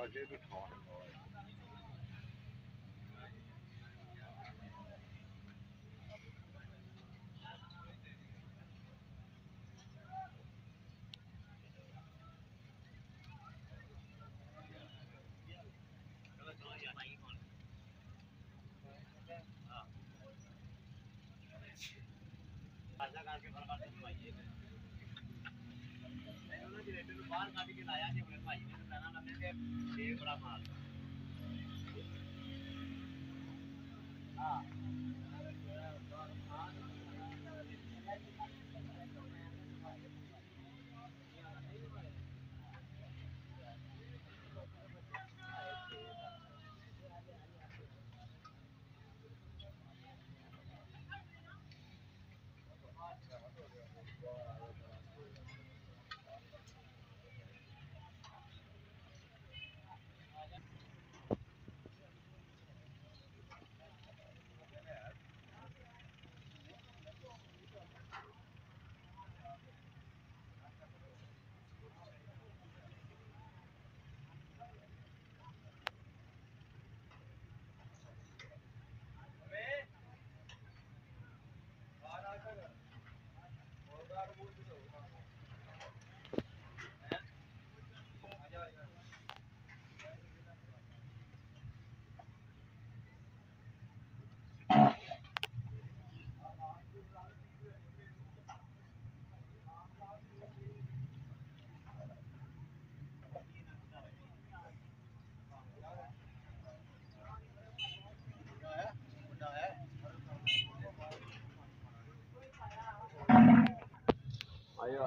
I did the time, right? बाहर काट के लाया जी भाई ने तो कहना मैंने Salamat. Ah.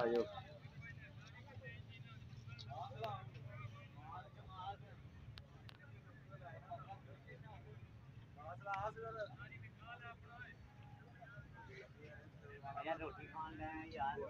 आयोग रोटी खान लें यार